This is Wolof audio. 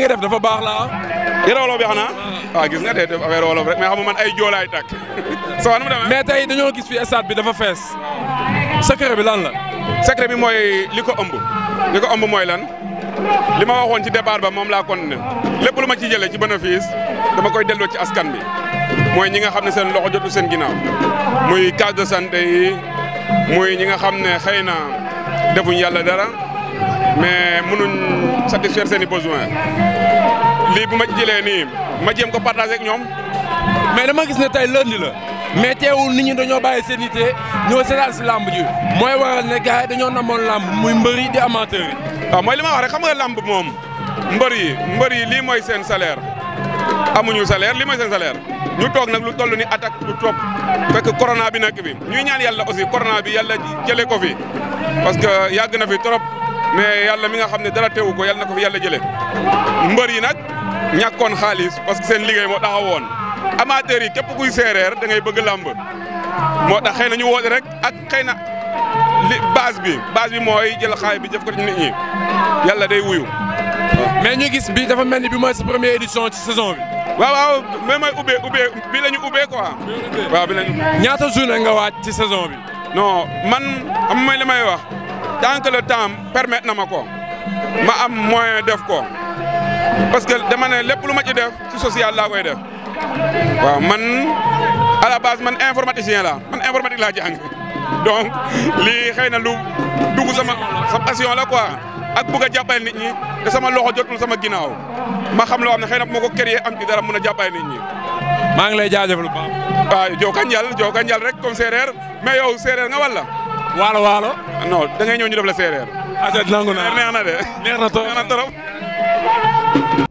lii nga def dafa baax la ah. yére wolof bi xanaa waaw ah, gis nga tey def affaire wolof rek mais xam nga ay joolaay tàkk soo nu mu tey dañoo gis fi stade bi dafa fees secret bi lan la secret bi mooy li ko ëmb li ko ëmb mooy lan li ma waxoon ci départ ba moom laa continué lépp lu ma ci jëlee ci bénéfice dama koy delloo ci askan bi mooy ñi nga xam ne seen loxo jotu seen ginnaaw muy case de santé yi muy ñi nga xam ne xëy na defuñ yàlla dara mais mënuñ satisfaire seen i besoin lii bu ma jëlee nii ma jéem ko partager ak ñoom. mais dama gis ne tey lundi la mais teewul nit ñi dañoo bàyyi seen yitte ñoo seetaan si làmb ji mooy waral ne gars yi dañoo namoon làmb muy mbër yi di amateur yi. mooy li ma wax rek xam nga làmb moom mbër yi mbër yi lii mooy seen salaire amuñu salaire lii mooy seen salaire ñu toog nag lu toll ni attaque lu topp fekk corona bi nag bi ñuy ñaan yàlla aussi corona bi yàlla jëlee ko fi parce que yàgg na fi trop. mais yàlla mi nga xam ne dara teewu ko yàlla na ko fi yàlla jëlee mbër yi nag ñàkkoon xaalis parce que seen liggéey moo taxawoon amateurs yi képp kuy séeréer da ngay bëgg làmb moo tax xëy na ñu woote rek ak xëy na base bi base bi mooy jël xaay bi jëf ko ci nit ñi yàlla day wuyu. mais ñu gis bi dafa mel ni bi mooy sa première édition ci saison bi. waaw waaw mais mooy ubbee ubbee bi la ñu ubbee quoi. waaw bi la ñu. ñaata journée nga waaj ci saison bi. non man am may li may wax. tant que le permettre na ma ko ma am moyen def ko parce que dama ne lépp lu ma ci def ci social laa koy def waaw man à la base man informaticien la man informatique laa jàng donc lii xëy na lu dugg sama sa passion la quoi ak bëgg a jàppale nit ñi te sama loxo jotul sama ginnaaw ma xam loo xam ne xëy na bu ma ko créer am ci dara mun a jàppale nit ñi. maa ngi lay jaajëfal bu baax. waaw Jokalante Jokalante rek comme séeréer mais yow séeréer nga walla waalo waalo. non da ngay ñëw ñu def la séeréer. ah c' est neex na de neex na trop neex na trop.